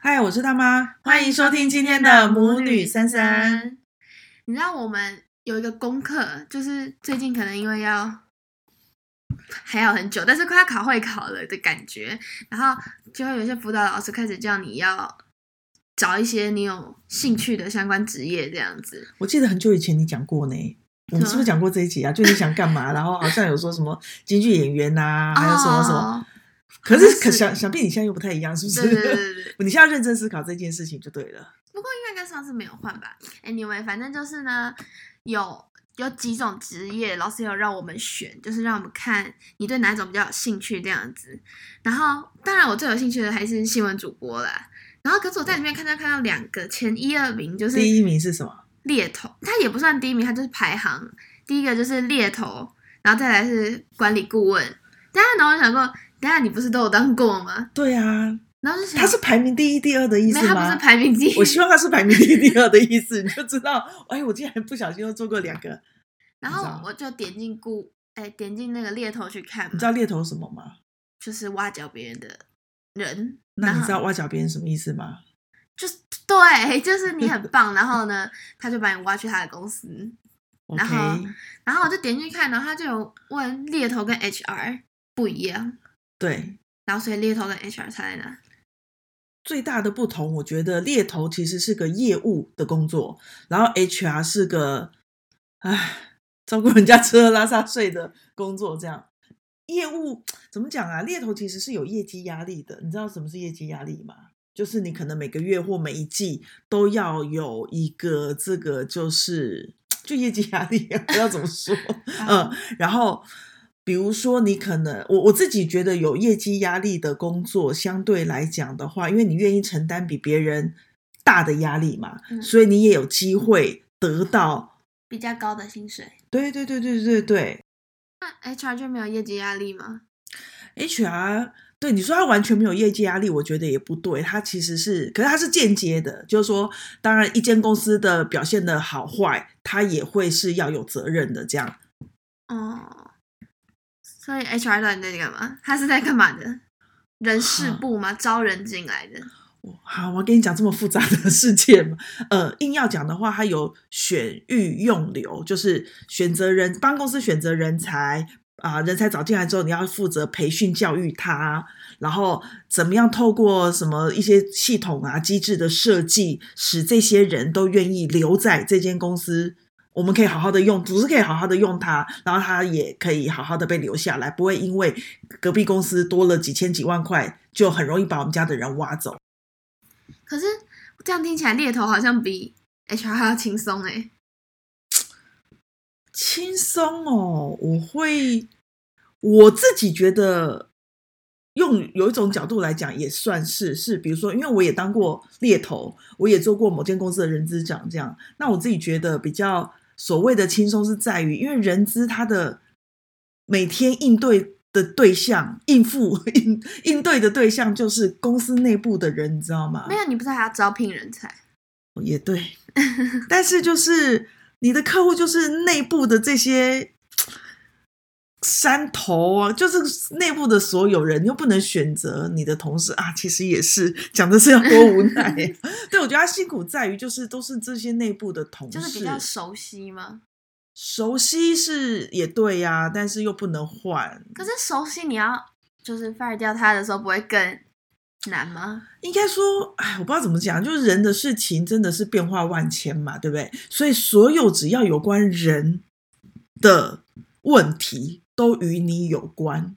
嗨，Hi，我是大媽，歡迎收聽今天的母女三三。你知道我們有一個功課，就是最近可能因為要還要很久，但是快要考會考了的感覺。然後就會有一些輔導老師開始叫你要找一些你有興趣的相關職業這樣子。我記得很久以前你講過呢，我們是不是講過這一集啊？ 最近想幹嘛？然後好像有說什麼京劇演員啊，Oh. 還有什麼什麼。可是可想想必你現在又不太一樣，是不是？對對對，對 你現在認真思考這件事情就對了。不過應該跟上次沒有換吧？Anyway，反正就是呢，有有幾種職業老師有讓我們選，就是讓我們看你對哪一種比較有興趣這樣子。然後當然我最有興趣的還是新聞主播啦。然後可是我在裡面看到看到兩個前一二名，就是第一名是什麼？獵頭，他也不算第一名，他就是排行第一個就是獵頭，然後再來是管理顧問。大家能不能想過？現你不是都有當過嗎？對啊，然後是他是排名第一、第二的意思嗎？他不是排名第一。 我希望他是排名第一、第二的意思，你就知道。哎，我竟然不小心又做過兩個，然後我就點進僱，哎、欸，點進那個獵頭去看嘛。你知道獵頭什麼嗎？就是挖角別人的人。那你知道挖角別人什麼意思嗎？就是對，就是你很棒， 然後呢，他就把你挖去他的公司。Okay. 然後，然後我就點進去看，然後他就有問獵頭跟 HR 不一樣。對，然後所以獵頭跟 HR 差在哪？最大的不同，我覺得獵頭其實是個業務的工作，然後 HR 是個唉照顧人家吃喝拉撒睡的工作。這樣業務怎麼講啊？獵頭其實是有業績壓力的，你知道什麼是業績壓力嗎？就是你可能每個月或每一季都要有一個這個，就是就業績壓力， 不知道怎麼說， 嗯，然後。比如說，你可能我我自己覺得有業績壓力的工作，相對來講的話，因為你願意承擔比別人大的壓力嘛，嗯、所以你也有機會得到比較高的薪水。對對對對對對。那 HR 就沒有業績壓力嗎？HR，對你說他完全沒有業績壓力，我覺得也不對。他其實是，可是他是間接的，就是說，當然，一間公司的表現的好壞，他也會是要有責任的。這樣。哦。所以 HR 你那在幹嘛？他是在幹嘛的？人事部嗎？好招人進來的？我好，我要跟你講這麼複雜的世界嗎？呃，硬要講的話，他有選育用留，就是選擇人，幫公司選擇人才啊、呃。人才找進來之後，你要負責培訓教育他，然後怎麼樣透過什麼一些系統啊機制的設計，使這些人都願意留在這間公司。我們可以好好的用，只是可以好好的用它，然後它也可以好好的被留下來，不會因為隔壁公司多了幾千幾萬塊，就很容易把我們家的人挖走。可是這樣聽起來，獵頭好像比 HR 還要輕鬆哎、欸。輕鬆哦，我會我自己覺得，用有一種角度來講也算是是，比如說，因為我也當過獵頭，我也做過某間公司的人資長，這樣，那我自己覺得比較。所謂的輕鬆是在於，因為人資他的每天應對的對象、應付應應對的對象就是公司內部的人，你知道嗎？沒有，你不是還要招聘人才？哦、也對， 但是就是你的客戶就是內部的這些。山頭啊，就是內部的所有人，又不能選擇你的同事啊，其實也是講的是要多無奈，啊。 對，我覺得他辛苦在於就是都是這些內部的同事，就是比較熟悉嗎？熟悉是也對呀，啊，但是又不能換。可是熟悉，你要就是 fire 掉他的時候，不會更難嗎？應該說，哎，我不知道怎麼講，就是人的事情真的是變化萬千嘛，對不對？所以所有只要有關人的問題。都與你有關，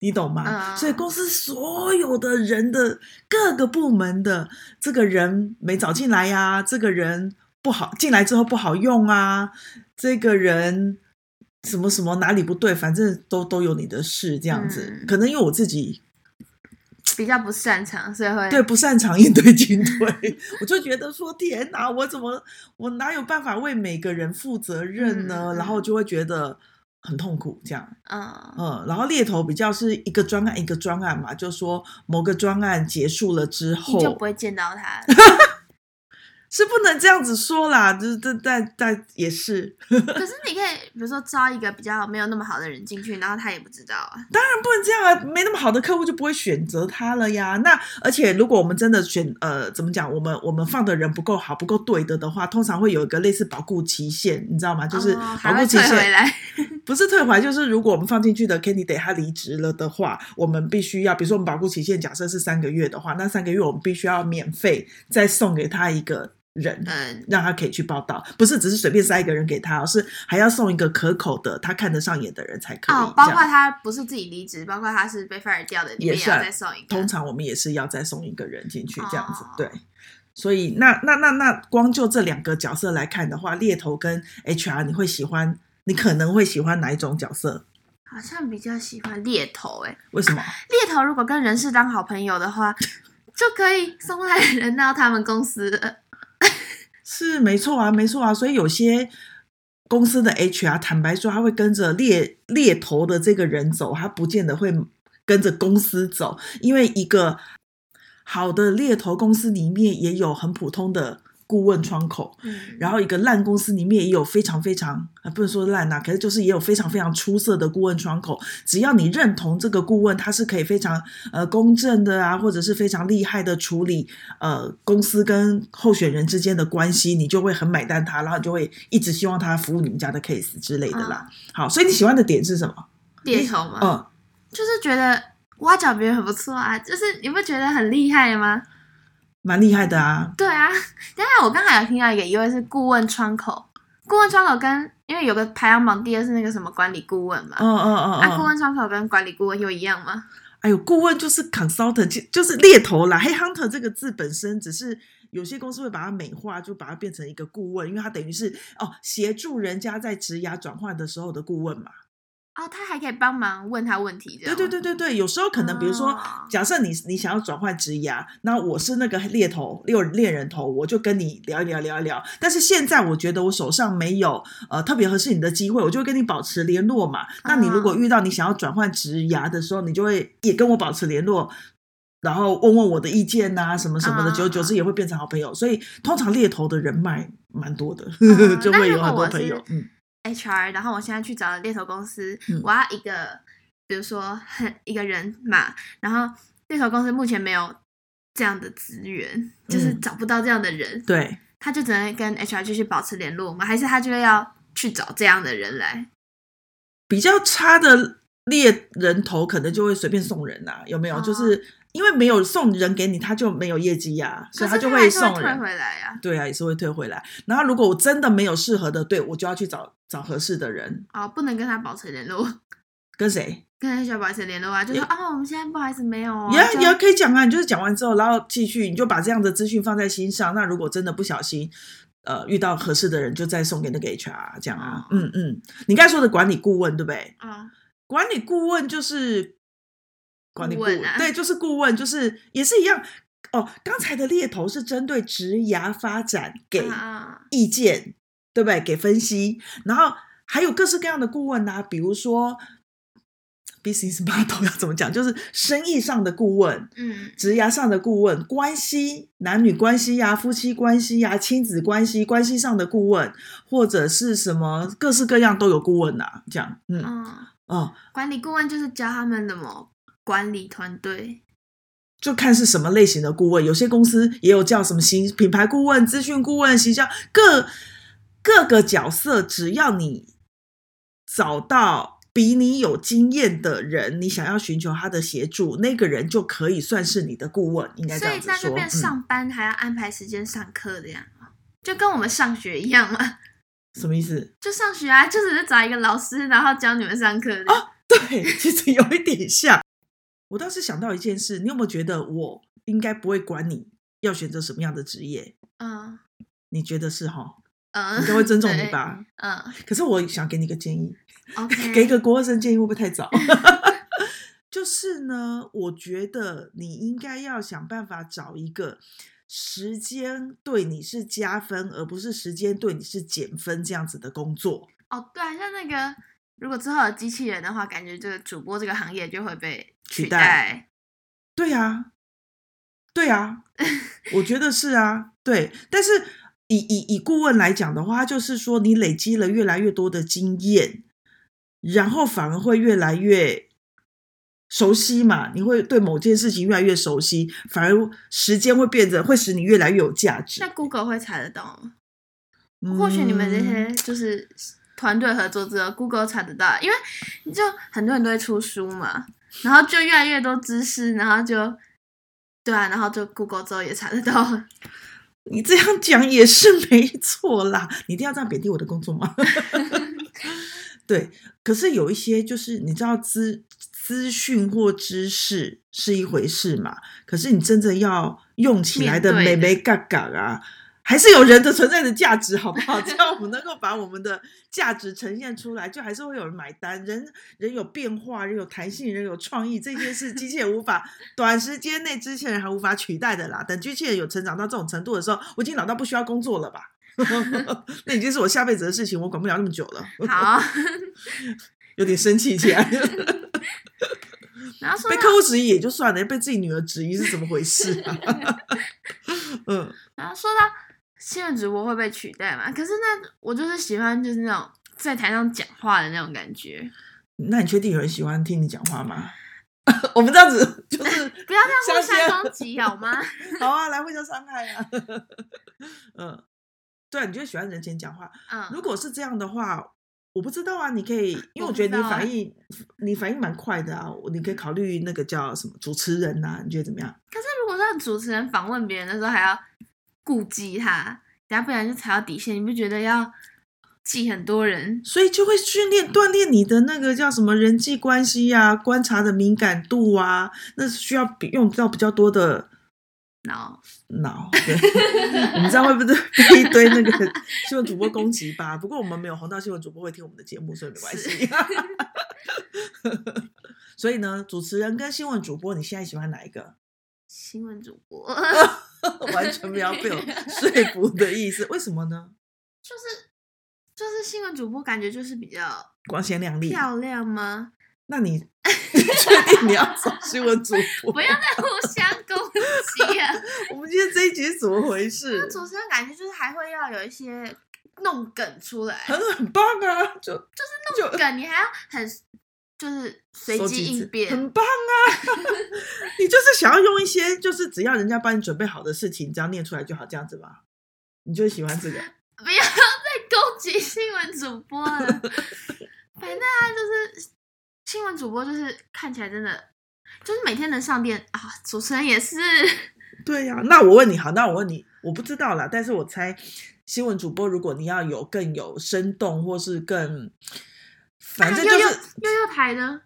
你懂嗎？嗯、所以公司所有的人的各個部門的，這個人沒找進來呀、啊，這個人不好進來之後不好用啊，這個人什麼什麼哪裡不對，反正都都有你的事。這樣子，嗯、可能因為我自己比較不擅長，所以會對不擅長應對進退， 我就覺得說，天哪，我怎麼我哪有辦法為每個人負責任呢？嗯、然後就會覺得。很痛苦，這樣，嗯嗯，然後獵頭比較是一個專案一個專案嘛，就說某個專案結束了之後，你就不會見到他， 是不能這樣子說啦，就是但但但也是。 可是你可以比如說招一個比較沒有那麼好的人進去，然後他也不知道啊。當然不能這樣啊，沒那麼好的客戶就不會選擇他了呀。那而且如果我們真的選呃怎麼講，我們我們放的人不夠好，不夠對的的話，通常會有一個類似保護期限，你知道嗎？就是保護期限。哦 不是退還，就是如果我們放進去的 candidate 他離職了的話，我們必須要，比如說我們保護期限假設是三個月的話，那三個月我們必須要免費再送給他一個人，嗯，讓他可以去報到，不是只是隨便塞一個人給他，哦，而是還要送一個可口的他看得上眼的人才可以。哦，包括他不是自己離職，包括他是被 fire 掉的，你也算也要再送一個，通常我們也是要再送一個人進去這樣子，哦，對。所以那那那那光就這兩個角色來看的話，獵頭跟 HR 你會喜歡？你可能會喜歡哪一種角色？好像比較喜歡獵頭誒、欸，為什麼？啊，獵頭如果跟人事當好朋友的話， 就可以送來人到他們公司。 是，沒錯啊，沒錯啊。所以有些公司的 HR 坦白說，他會跟着獵獵頭的這個人走，他不見得會跟着公司走，因為一個好的獵頭公司裡面也有很普通的。顧問窗口，然後一個爛公司裡面也有非常非常啊，不能說爛吶、啊，可是就是也有非常非常出色的顧問窗口。只要你認同這個顧問，他是可以非常呃公正的啊，或者是非常厲害的處理呃公司跟候選人之間的關係，你就會很買單他，然後你就會一直希望他服務你們家的 case 之類的啦。嗯、好，所以你喜歡的點是什麼？獵頭嗎？嗯，就是覺得挖角別人很不錯啊，就是你不覺得很厲害嗎？蠻厲害的啊！對啊，我剛才我剛好有聽到一個疑問是顧問窗口，顧問窗口跟因為有個排行榜第二是那個什麼管理顧問嘛，嗯嗯嗯，那、啊、顧問窗口跟管理顧問又一樣嗎？哎呦，顧問就是 consultant 就就是獵頭啦，嘿 hunter 這個字本身只是有些公司會把它美化，就把它變成一個顧問，因為它等於是哦協助人家在職涯轉換的時候的顧問嘛。哦，他還可以幫忙問他問題，對對對對對。有時候可能，比如說假設，假設你你想要轉換職涯，那我是那個獵頭，獵獵人頭，我就跟你聊一聊聊一聊。但是現在我覺得我手上沒有呃特別合適你的機會，我就會跟你保持聯絡嘛。Oh. 那你如果遇到你想要轉換職涯的時候，你就會也跟我保持聯絡，然後問問我的意見吶、啊，什麼什麼的，久、oh. 久之也會變成好朋友。所以通常獵頭的人脈蠻多的，oh. 就會有很多朋友，嗯。HR，然後我現在去找獵頭公司，嗯、我要一個，比如說很一個人嘛，然後獵頭公司目前沒有這樣的資源，嗯、就是找不到這樣的人，對，他就只能跟 HR 繼續保持聯絡嗎？還是他就要去找這樣的人來？比較差的獵人頭可能就會隨便送人吶、啊，有沒有？哦、就是。因為沒有送人給你，他就沒有業績呀、啊，所以他就會送人來會退回來呀、啊。對啊，也是會退回來。然後如果我真的沒有適合的，對，我就要去找找合適的人。哦，不能跟他保持聯絡。跟誰？跟他一起保持聯絡啊，就說啊，我們也、哦、現在不好意思沒有、啊。也要就也要可以講啊，你就是講完之後，然後繼續，你就把這樣的資訊放在心上。那如果真的不小心，呃，遇到合適的人，就再送給那個 HR、啊、這樣啊。嗯嗯，你剛才說的管理顧問對不對？啊，管理顧問就是。管理顧問，顧問、啊、對，就是顧問，就是也是一樣哦。剛才的獵頭是針對職涯發展給意見，啊、對不對？給分析，然後還有各式各樣的顧問吶、啊，比如說 business model 要怎麼講，就是生意上的顧問，職涯顧問，嗯，職涯上的顧問，關係男女關係呀、啊、夫妻關係呀、啊、親子關係關係上的顧問，或者是什麼各式各樣都有顧問吶、啊，這樣，嗯，嗯哦，管理顧問就是教他們的嘛。管理團隊就看是什麼類型的顧問，有些公司也有叫什麼新品牌顧問、資訊顧問、行銷、各各個角色，只要你找到比你有經驗的人，你想要尋求他的協助，那個人就可以算是你的顧問。應該這樣子說。所以在那邊上班還要安排時間上課的呀？就跟我們上學一樣嗎？什麼意思？就上學啊，就只是找一個老師，然後教你們上課的。哦，對，其實有一點像。 我倒是想到一件事，你有沒有覺得我應該不會管你要選擇什麼樣的職業啊？Uh, 你覺得是哈？嗯，uh, 應該會尊重你吧？嗯，uh, 可是我想給你個建議 Okay. 給一個國二生建議會不會太早？ 就是呢，我覺得你應該要想辦法找一個時間對你是加分，而不是時間對你是減分這樣子的工作。哦、oh, 啊，對，像那個。如果之後有機器人的話，感覺這個主播這個行業就會被取代。對呀，對呀、啊，對啊、 我覺得是啊，對。但是以以以顧問來講的話，它就是說，你累積了越來越多的經驗，然後反而會越來越熟悉嘛。你會對某件事情越來越熟悉，反而時間會變得會使你越來越有價值。那 Google 會查得到、嗯、或許你們這些就是。團隊合作之後，Google 查得到，因為就很多人都會出書嘛，然後就越來越多知識，然後就對啊，然後就 Google 之後也查得到。你這樣講也是沒錯啦，你一定要這樣貶低我的工作嗎？ 對，可是有一些就是你知道資資訊或知識是一回事嘛，可是你真正要用起來的，眉眉角角啊。還是有人的存在的價值，好不好？只要我們能夠把我們的價值呈現出來，就還是會有人買單。人，人有變化，人有彈性，人有創意，這些是機器人無法 短時間內，機器人還無法取代的啦。等機器人有成長到這種程度的時候，我已經老到不需要工作了吧？ 那已經是我下輩子的事情，我管不了那麼久了。好， 有點生氣起來 然後說被客戶質疑也就算了，被自己女兒質疑是怎麼回事，啊？ 嗯，然後說到。現在直播會被取代嗎？可是那我就是喜歡，就是那種在台上講話的那種感覺。那你確定有人喜歡聽你講話嗎？ 我們這樣子就是 不要互相攻擊好嗎？ 好啊，來互相傷害啊。 嗯，對、啊，你就喜歡人前講話？嗯，如果是這樣的話，我不知道啊。你可以，因為我覺得你反應、啊、你反應蠻快的啊，你可以考慮那個叫什麼主持人吶、啊？你覺得怎麼樣？可是，如果讓主持人訪問別人的時候，還要。顧忌他，要不然就踩到底線，你不覺得要忌很多人，所以就會訓練鍛鍊你的那個叫什麼人際關係呀、啊、觀察的敏感度啊，那需要用到比較多的腦腦，對。你知道會不會被一堆那個新聞主播攻擊吧？不過我們沒有紅到新聞主播會聽我們的節目，所以沒關係。是 所以呢，主持人跟新聞主播，你現在喜歡哪一個？新聞主播。 完全不要被我說服的意思，為什麼呢？就是就是新聞主播感覺就是比較光鮮亮麗，漂亮嗎？那你 你確定你要找新聞主播？ 不要再互相攻擊 我們今天這一集是怎麼回事？ 那主持人感覺就是還會要有一些弄梗出來，很很棒啊！就就是弄梗，就你還要很。就是隨機應變，很棒啊！ 你就是想要用一些，就是只要人家幫你準備好的事情，只要念出來就好，這樣子吧。你就喜歡這個？不要再攻擊新聞主播了。反正啊，就是新聞主播，就是看起來真的，就是每天能上電啊。主持人也是。對呀、啊，那我問你，好，那我問你，我不知道啦，但是我猜新聞主播，如果你要有更有生動或是更。反正就是幼幼，幼幼台呢，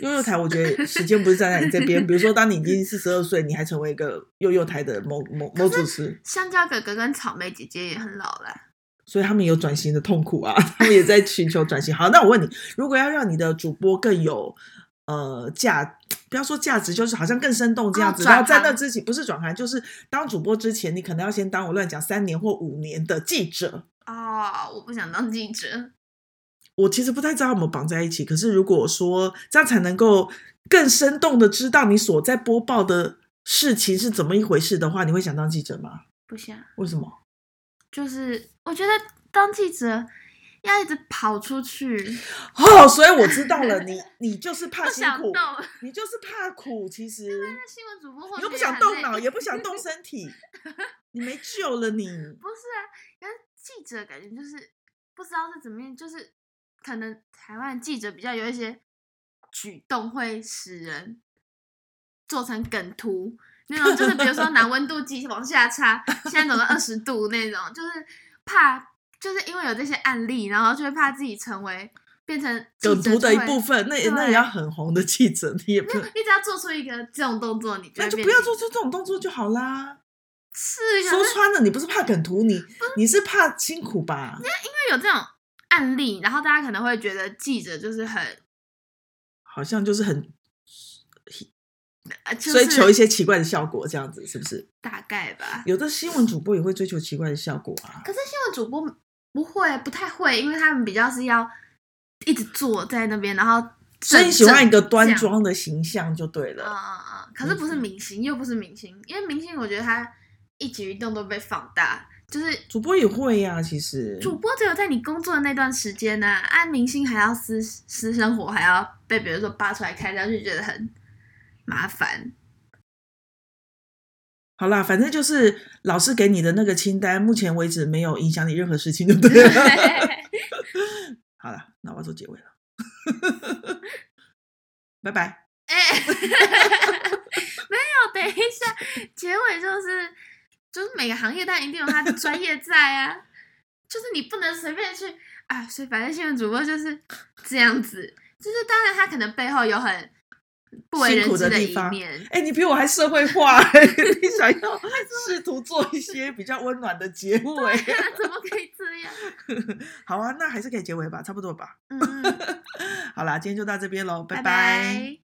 幼幼台，我覺得時間不是站在你這邊。 比如說，當你已經四十二歲，你還成為一個幼幼台的某某某主持，香蕉哥哥跟草莓姐姐也很老了，所以他們有轉型的痛苦啊，他們也在尋求轉型。 好，那我問你，如果要讓你的主播更有呃價，不要說價值，就是好像更生動這樣子，哦、然後在那之前不是轉行，就是當主播之前，你可能要先當我亂講三年或五年的記者啊、哦，我不想當記者。我其實不太知道我們綁在一起，可是如果說這樣才能夠更生動的知道你所在播報的事情是怎麼一回事的話，你會想當記者嗎？不想。為什麼？就是我覺得當記者要一直跑出去。哦，oh, 所以我知道了，你你就是怕辛苦， 動你就是怕苦。其實新聞主播你又不想動腦，也不想動身體， 你沒救了你。不是啊，因為記者感覺就是不知道是怎麼樣，就是。可能台灣記者比較有一些舉動會使人做成梗圖，那種就是比如說拿溫度計往下插，現在走到二十度那種，就是怕，就是因為有這些案例，然後就會怕自己成為變成梗圖的一部分。那也，對吧？那，那也要很紅的記者，你也不，你只要做出一個這種動作，你就要，那就不要做出這種動作就好啦。是啊，說穿了，你不是怕梗圖，你，你是怕辛苦吧？那應因為有這種。案例，然後大家可能會覺得記者就是很，好像就是很，就是、追求一些奇怪的效果，這樣子是不是？大概吧。有的新聞主播也會追求奇怪的效果啊。可是新聞主播不會，不太會，因為他們比較是要一直坐在那邊，然後整整，所以喜歡一個端莊的形象就對了。啊啊啊！可是不是明星，嗯、又不是明星，因為明星我覺得他一舉一動都被放大。就是主播也會呀、啊，其實主播只有在你工作的那段時間呢、啊。按明星還要私私生活，還要被比如說扒出來開刀，就是、覺得很麻煩。好啦，反正就是老師給你的那個清單，目前為止沒有影響你任何事情對不對？ 好了，那我要做結尾了。拜 拜 bye。哎、欸， 沒有，等一下，結尾就是。就是每個行業，當然一定有他的專業在啊。 就是你不能隨便去啊，所以反正新聞主播就是這樣子。就是當然，他可能背後有很不為人知的一面。哎、欸，你比我還社會化、欸， 你想要試圖做一些比較溫暖的結尾、 啊，怎麼可以這樣？ 好啊，那還是可以結尾吧，差不多吧。嗯， 好啦，今天就到這邊嘍，拜拜。Bye bye